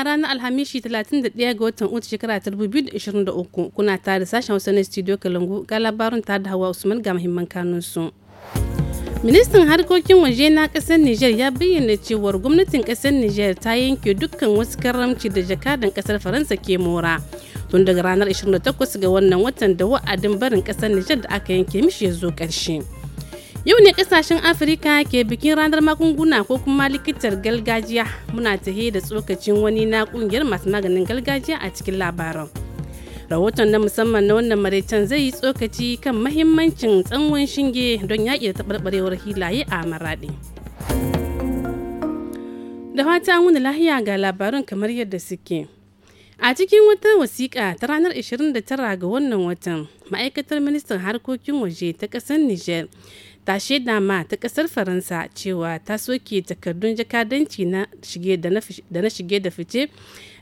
Kuna ranar Alhamishi 31 ga watan Uta shekara 2023 kuna tare sashen Hausa na Studio Kalangu ga labarin tare da Hawa Usman ga muhimman kanunsu. Ministan harkokin waje na kasar niger ya bayyana cewar gwamnatin kasar niger ta yanke dukkan wasu karamci da jakadan kasar Faransa ke mora. Tun daga ranar 28 ga wannan watan da wa'adin barin kasar niger da aka yanke mishi ya zo karshe Yau ne kasashen Afirka ke bikin ranar magunguna ko kuma likitar gargajiya muna tahe da tsokacin wani na kungiyar masu maganin gargajiya a cikin labaran. Rahoton na musamman na wannan maraicen zai yi tsokaci kan mahimmancin tsangon shinge don yaƙi da taɓarɓarewar hilaye a maraɗi. Da fata wani lahiya ga labarun kamar yadda suke. A cikin wata wasiƙa ta ranar 29 ga wannan watan, ma'aikatar ministan harkokin waje ta ƙasar Nijar ta dama ma ta kasar faransa cewa ta soke takardun jakadanci da na shige da fice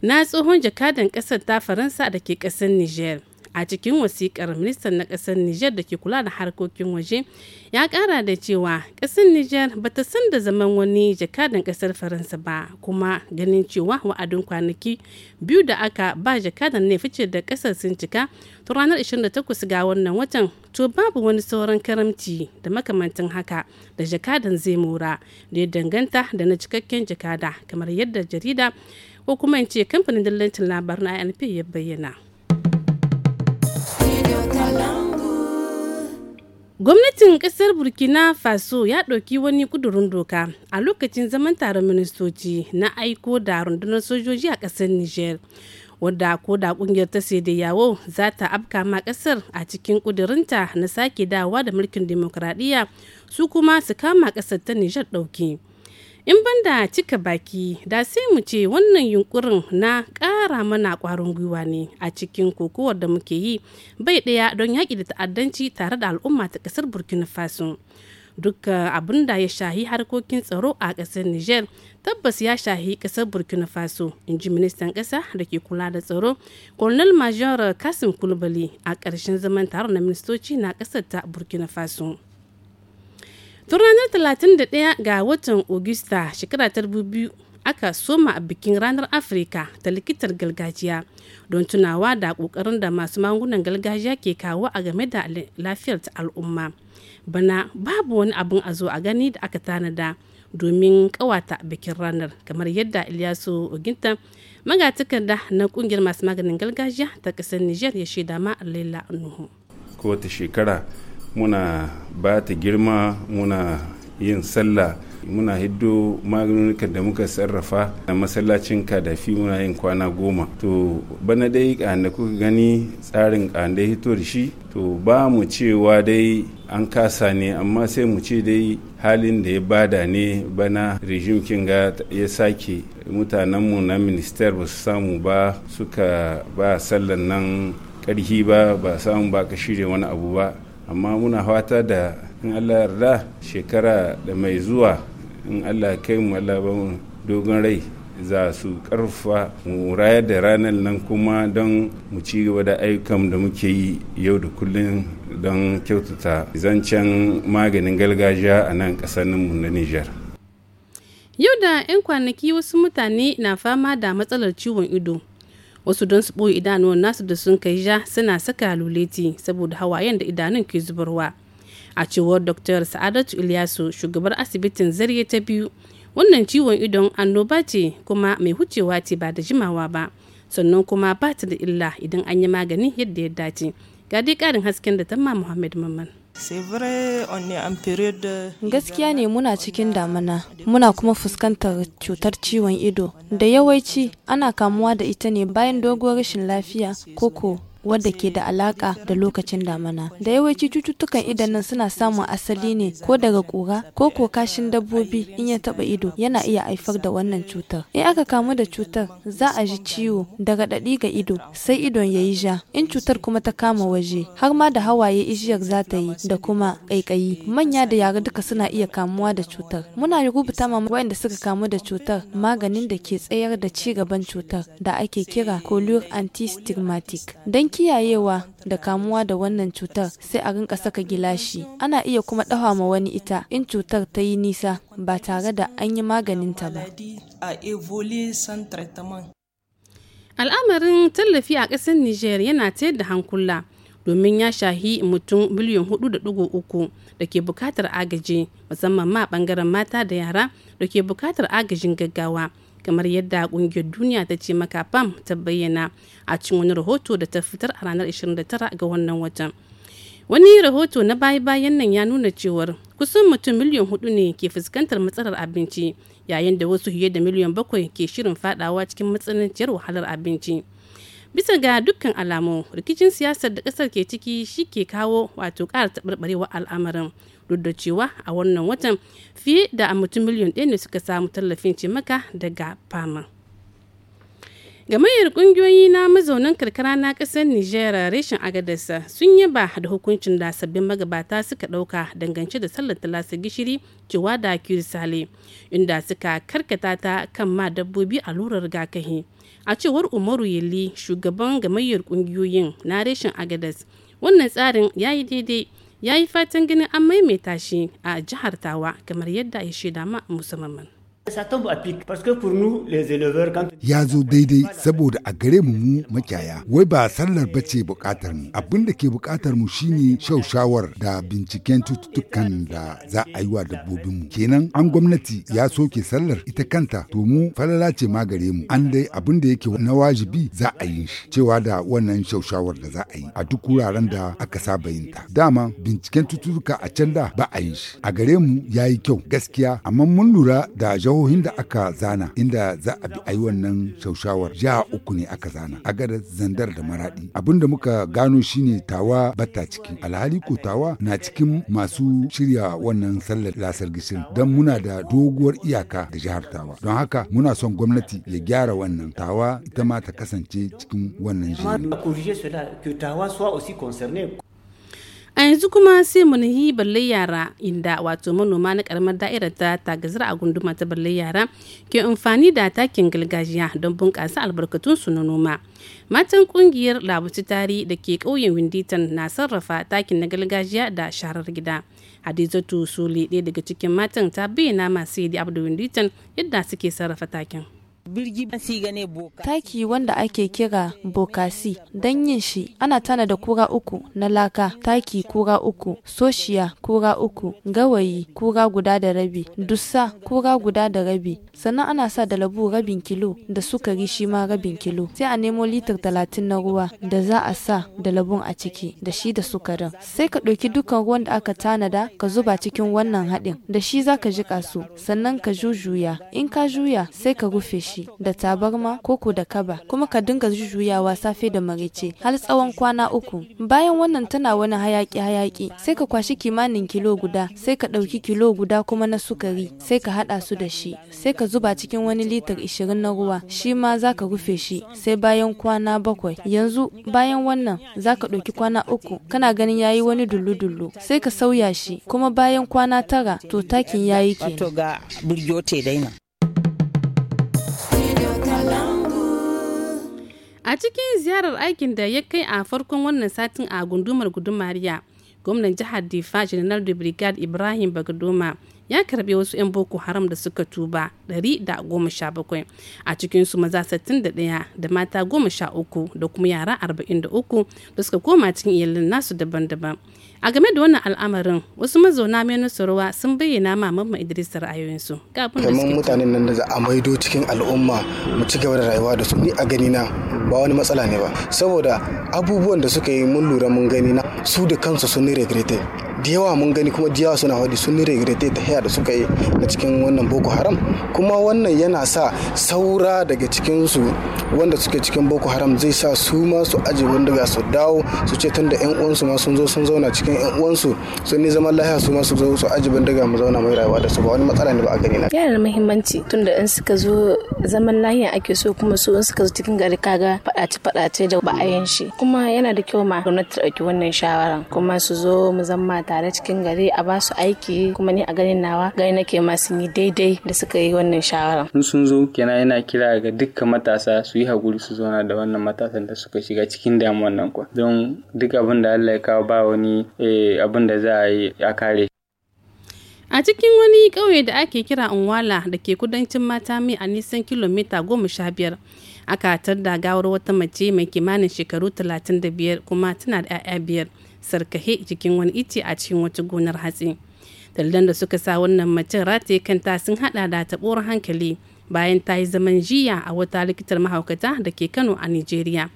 na tsohon jakadan kasar ta faransa da ke kasar niger a cikin wasikar ministan na ƙasar nijar da ke kula da harkokin waje ya ƙara da cewa ƙasar nijar ba ta san da zaman wani jakadan ƙasar faransa ba kuma ganin cewa wa'adin kwanaki biyu da aka ba jakadan ne fice da ƙasar sun cika ta ranar 28 ga wannan watan to babu wani sauran karamci da makamantan haka da jakadan zai mora da ya danganta da na cikakken jakada kamar yadda jarida ko kuma in ce kamfanin dillancin labarin inp ya bayyana. Gwamnatin kasar Burkina Faso ya ɗauki wani ƙudurin doka a lokacin zaman taron ministoci na aiko da rundunar sojoji a ƙasar Nijar. wadda ko da ƙungiyar ta da yawo za ta afka ma ƙasar a cikin ƙudurinta na sake dawa da mulkin demokradiyya su kuma su kama ƙasar ta nijar ɗauki. in banda cika baki da sai mu ce wannan yunkurin na ƙara mana kwarin gwiwa ne a cikin kokowar da muke yi bai ɗaya don yaƙi da ta'addanci tare da al'umma ta ƙasar burkina faso duk abin da ya shahi harkokin tsaro a ƙasar niger tabbas ya shahi ƙasar burkina faso in ji ministan ƙasa da ke kula da tsaro colonel major kasim kulbali a ƙarshen zaman taron na ministoci na ƙasar ta burkina faso Tun ranar 31 ga watan Ogista shekara ta biyu aka soma a bikin ranar Afirka ta likitar gargajiya don tunawa da ƙoƙarin da masu magungunan gargajiya ke kawo a game da lafiyar ta al'umma. Bana babu wani abin a zo a gani da aka tanada domin kawata bikin ranar kamar yadda Ilyasu Oginta magatakarda na ƙungiyar masu maganin gargajiya ta ƙasar Nijar ya shaida ma Laila Nuhu. Kowace shekara muna ba ta girma muna yin sallah muna hiddo maganunuka da muka sarrafa a masallacin kadafi muna yin kwana goma to bana dai da kuka gani tsarin da hito da shi to ba mu cewa dai an kasa ne amma sai mu ce dai halin da ya bada ne bana rijim kinga ya sake mutanenmu na minister ba su samu ba suka ba sallan nan karhi ba ba samu ba ka shirya wani abu ba amma muna fata da in allah yarda shekara da mai zuwa in allah kai mu allah ba dogon rai za su karfa mu rayar da ranar nan kuma don mu ci gaba da ayyukan da muke yi yau da kullum don kyautata zancen maganin gargajiya a nan mu na Nijar. Yau da 'yan kwanaki wasu mutane na fama da matsalar ciwon ido wasu don su ɓoye idanuwan nasu da sun kai ja suna saka luleti saboda hawayen da idanun ke zubarwa a cewar dr sa'adatu ilyasu shugabar asibitin zarye ta biyu wannan ciwon idon annoba ce kuma mai hucewa ce ba da jimawa ba sannan kuma ba ta da illa idan an yi magani yadda ya dace ga dai ƙarin hasken da tamma muhammad mamman Gaskiya ne muna cikin damana, muna kuma fuskantar cutar ciwon ido, da yawaici ana kamuwa da ita ne bayan doguwar rashin lafiya koko wadda ke da alaka da lokacin damana. Da yawanci cututtukan idan suna samun asali ne ko daga kura ko ko kashin dabbobi in ya taba ido yana iya haifar da wannan cutar. In aka kamu da cutar za a ji ciwo da raɗaɗi ga ido sai idon ya yi ja in cutar kuma ta kama waje har ma da hawaye ijiyar za ta yi da kuma ƙaiƙayi. Manya da yara duka suna iya kamuwa da cutar. Muna rubuta ma waɗanda suka kamu da cutar maganin da ke tsayar da ci gaban cutar da ake kira colure antistigmatic. Don kiyayewa da kamuwa da wannan cutar sai a rinka saka gilashi. Ana iya kuma dawa ma wani ita in cutar ta yi nisa ba tare da an yi maganin ta ba. Al'amarin tallafi a ƙasar niger yana tayar da hankula domin ya shahi mutum miliyan 4.3 da ke bukatar agaji musamman ma ɓangaren mata da yara da ke bukatar agajin gaggawa. kamar yadda kungiyar duniya ta ce maka pam ta bayyana a cikin wani rahoto da ta fitar a ranar 29 ga wannan watan wani rahoto na baya-bayan nan ya nuna cewar kusan mutum miliyan hudu ne ke fuskantar matsalar abinci yayin da wasu fiye da miliyan bakwai ke shirin fadawa cikin matsananciyar wahalar abinci bisa ga dukkan alamu rikicin siyasar da kasar ke ciki shi ke kawo wato ƙara taɓarɓarewa al'amarin duk da cewa a wannan watan fiye da mutum miliyan ɗaya ne suka samu tallafin cimaka daga fama. gamayyar kungiyoyi na mazaunan karkara na kasar Nijar reshen agadarsa sun yi yaba da hukuncin da sabbin magabata suka dauka dangance da sallar talasa gishiri cewa da sale inda suka karkata ta kan ma dabbobi a lura rigakahi a cewar umaru yalli shugaban gamayyar kungiyoyin na reshen agadas wannan tsarin ya yi daidai ya yi fatan ganin an maimaita shi a jihar tawa kamar yadda ya shaida ma musamman Ya zo daidai saboda a gare mu mu makiyaya wai ba sallar bace bukatar mu abin da ke bukatar mu shine shaushawar da binciken cututtukan da za a yi wa dabbobin mu kenan an gwamnati ya soke sallar ita kanta to mu falala ce ma gare mu an dai abin da yake na wajibi za a yi shi cewa da wannan shaushawar da za a yi a duk wuraren da aka saba yin ta dama binciken cututtuka a can da ba a yi shi a gare mu ya yi kyau gaskiya amma mun lura da jawo jihohin da aka zana inda za a bi ayi wannan shaushawar jiha uku ne aka zana a gada zandar da maradi abinda muka gano shine tawa bata ciki alhali ko tawa na cikin masu shirya wannan sallar lasar gishin don muna da doguwar iyaka da jihar tawa don haka muna son gwamnati ya gyara wannan tawa ita ma ta kasance cikin wannan jihar a yanzu kuma sai mu nahi balle yara inda wato manoma na karamar da'irar ta tagazar a gunduma ta balle yara ke amfani da takin gargajiya don bunƙasa albarkatun su na noma matan kungiyar labuci tari da ke ƙauyen winditan na sarrafa takin na gargajiya da sharar gida hadizatu sule ɗaya daga cikin matan ta bayyana masu yadda da winditan yadda suke sarrafa takin Taki wanda ake kira bokasi don yin shi ana tana da kura uku na laka, taki kura uku, soshiya kura uku, gawayi kura guda da rabi, dussa kura guda da rabi, sannan ana sa da labu rabin kilo da sukari shi ma rabin kilo. Sai a nemo litir talatin na ruwa da za a sa da labun a ciki da shi da sukarin. Sai ka ɗauki dukkan ruwan da aka tanada ka zuba cikin wannan haɗin da shi za ka jiƙa su sannan ka jujuya in ka juya sai ka rufe shi. kashi da tabarma ko koko da kaba kuma ka dinga jujjuyawa safe da marice har tsawon kwana uku. Bayan wannan tana wani hayaki hayaki sai ka kwashi kimanin kilo guda sai ka ɗauki kilo guda kuma na sukari sai ka haɗa su da shi sai ka zuba cikin wani litar ishirin na ruwa shi ma za ka rufe shi sai bayan kwana bakwai yanzu bayan wannan za ka ɗauki kwana uku kana ganin ya yi wani dullu-dullu sai ka sauya shi kuma bayan kwana tara to takin ya yi kenan. a cikin ziyarar aikin da ya kai a farkon wannan satin a gundumar gudumariya gwamnan jihar difa general de brigade ibrahim bagadoma ya karbe wasu 'yan boko haram da suka tuba 117 a cikinsu maza 61 da mata 13 da kuma yara 43 da suka koma cikin iyalin nasu daban-daban a game da wannan al'amarin wasu mazauna mai menosorowa sun bayyana ma mamma idris ra'ayoyinsu kamar mutanen nan da za a maido cikin al'umma mu ci gaba da rayuwa da su ni a gani na ba wani matsala ne ba saboda abubuwan da suka yi mun lura mun gani na su da kansu sun regrete da yawa mun gani kuma da yawa suna faɗi sun regrete ta haya da suka yi na cikin wannan boko haram kuma wannan yana sa saura daga cikinsu wanda suke cikin boko haram zai sa su ma su aje wanda ga su dawo su ce tunda yan uwansu ma sun zo sun zauna cikin yan uwansu sun ni zaman lafiya su ma su zo su aje ga mu zauna mai rayuwa da su ba wani matsala ne ba a gani na yana da muhimmanci tunda in suka zo zaman lafiya ake so kuma su in suka zo cikin gari kaga faɗace faɗace da ba a shi kuma yana da kyau ma gwamnati ta ɗauki wannan shawaran kuma su zo mu zama tare cikin gari a ba su aiki kuma ni a ganin nawa gani nake ma sun yi daidai da suka yi wannan shawara. In sun zo kenan yana kira ga dukkan matasa su yi haƙuri su zauna da wannan matasan da suka shiga cikin damuwan nan kuwa. Don duk abin da Allah ya kawo ba wani eh, abin da za a yi a kare. A cikin wani ƙauye da ake kira Unwala da ke kudancin mata Matami a nisan kilomita goma sha biyar. Aka tar da gawar wata mace mai kimanin shekaru 35 kuma tana da 'ya'ya biyar. sarkahe jikin wani ice a cikin wata gonar hatsi dalilan da suka sa wannan macen rataye kanta sun hada da taɓuwar hankali bayan ta yi zaman jiya a wata likitar mahaukata da ke kano a Nijeriya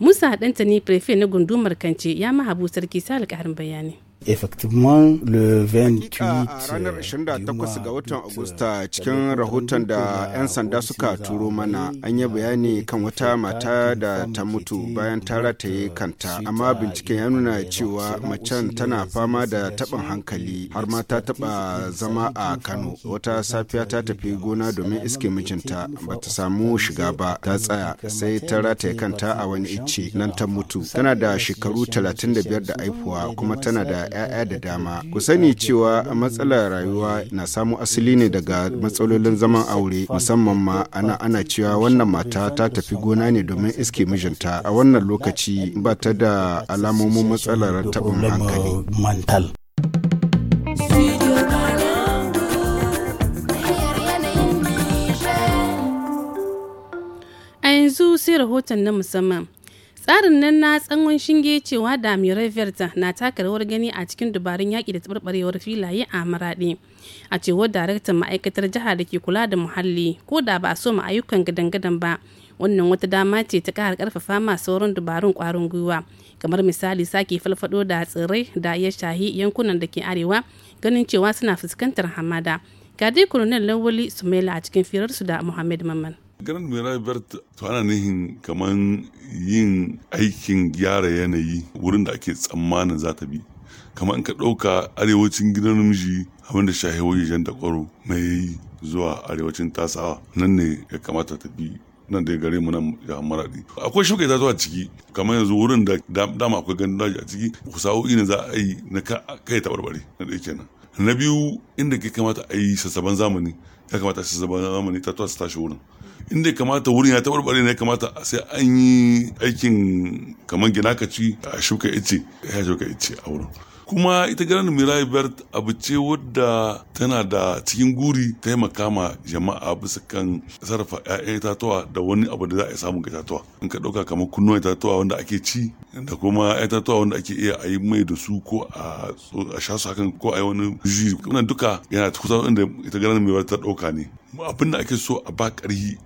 musa ɗanta ni prefe na gundumar kance ya mahabu sarki salik harin bayani Effectivement, le 28 a euh, ga watan Agusta euh, cikin rahoton da 'yan sanda suka turo mana an yi bayani kan wata mata da ta mutu bayan ta rataye uh, kanta amma binciken ya nuna uh, cewa macen tana fama da taɓin hankali har ma ta taɓa zama a Kano wata safiya ta tafi gona domin iske mijinta ba ta samu shiga ba ta tsaya uh, sai ta rataye kanta a wani icce nan ta mutu tana da shekaru 35 da aifuwa kuma tana da da 'ya'ya da dama. Ku sani cewa matsalar rayuwa na samu asali ne daga matsalolin zaman aure musamman ma ana ana cewa wannan mata ta tafi gona ne domin iske mijinta a wannan lokaci ba ta da alamomin matsalar taɓin hankali. A yanzu sai rahoton na musamman. tsarin nan na tsangon shinge cewa da verta na taka rawar gani a cikin dubarun yaƙi da taɓarɓarewar filaye a maraɗi a cewar daraktan ma'aikatar jiha da ke kula da muhalli ko da ba a so ma ayyukan gadan-gadan ba wannan wata dama ce ta ƙara ƙarfafa masu sauran dubarun ƙwarin gwiwa kamar misali sake falfado da tsirrai da ya shahi yankunan da ke arewa ganin cewa suna fuskantar hamada ga dai lawali sumela a cikin firarsu da muhammad mamman Grand Mirai Bert ana nihin kamar yin aikin gyara yanayi wurin da ake tsammanin za ta bi. Kamar in ka ɗauka arewacin gidan namiji abinda shahe wajen da kwaro mai zuwa arewacin tasawa nan ne ya kamata ta bi nan da gare mu nan ya maradi akwai shuka ya zuwa ciki kamar yanzu wurin da dama akwai gani daji a ciki sa'o'i ne za a yi na kai tabarbare na ɗaya nan na biyu inda ke kamata a yi sassaban zamani ya kamata sassaban zamani ta tuwa su tashi wurin inda kamata wurin ya tabarbare ne kamata sai an yi aikin kamar ginakaci a shuka ice ya shuka ice a wurin kuma ita garin mirai bert abu ce wadda tana da cikin guri taimaka ma jama'a bisa kan sarrafa 'ya'yan itatuwa da wani abu da za a samu ga itatuwa in ka ɗauka kamar kunnuwan itatuwa wanda ake ci da kuma itatuwa wanda ake iya a yi mai da su ko a sha su hakan ko a yi wani jiri wannan duka yana kusa inda ita ganin mai ta ɗauka ne abin da ake so a ba ƙarhi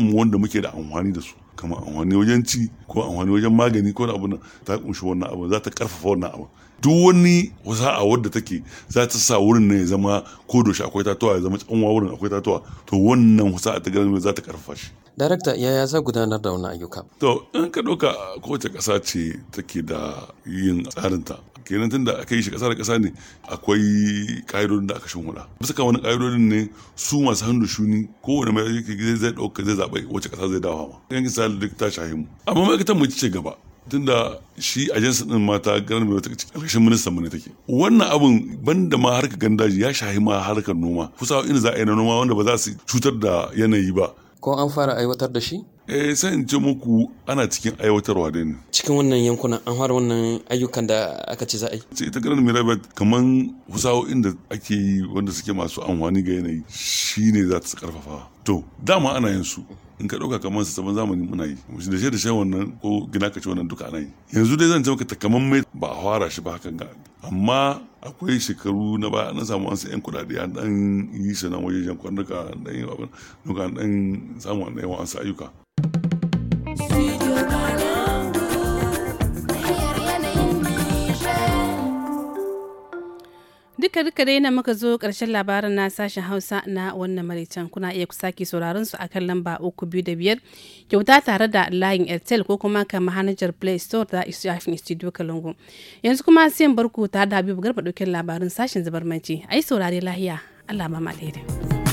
mu wanda muke da amfani da su kamar amfani wajen ci ko amfani wajen magani ko abu ta kunshi wannan abu za ta karfafa wannan abu duk wani wasa'a wadda take za ta sa wurin ne ya zama ko akwai tatuwa ya zama tsanwa wurin akwai tatuwa to wannan wasa'a ta garin za ta karfafa shi darakta ya za gudanar da wannan ayyuka to in ka ɗauka kowace ƙasa ce take da yin tsarinta kenan da aka yi shi ƙasa da ƙasa ne akwai ƙa'idodin da aka shimfiɗa bisa kan wani ƙa'idodin ne su masu hannu shuni kowane mai zai zai ɗauka zai zaɓe wace ƙasa zai dawa ma yankin sa duk ta shahimu amma ma'aikatan mu ci gaba tunda shi ajansa din mata ganar mai wata ƙarshen ministan mu ne take wannan abun da ma harkar gandaji ya shahi ma harkar noma kusa inda za a yi na noma wanda ba za su cutar da yanayi ba ko an fara aiwatar da shi eh sai in ce muku ana cikin aiwatarwa da ne cikin wannan yankunan an fara wannan ayyukan da aka ce za a yi ce ita garin mirabet kaman husawo'in inda ake yi wanda suke masu amfani ga yanayi shine za ta karfafa to dama ana yin su in ka ɗauka kamar sabon zamani muna yi da shi da shi wannan ko gina ka ci wannan duka ana yanzu dai zan ta kamar mai. ba a fara shi ba hakan ga amma akwai shekaru na baya na samu an yan kudade an dan yi shi nan wajejen kwanuka dan yi abin nuka dan samu an yawan an ayyuka. duka dai na muka zo karshen labarin na sashen hausa na wannan maraicen kuna iya sake sauraron su akan lamba uku biyu da biyar kyauta tare da layin airtel ko kuma kan hanajar play store da isafin studio kalungu yanzu kuma sayan barku ta da habibu garba ɗaukin labarin sashen zubar a ai saurare lahiya allah ba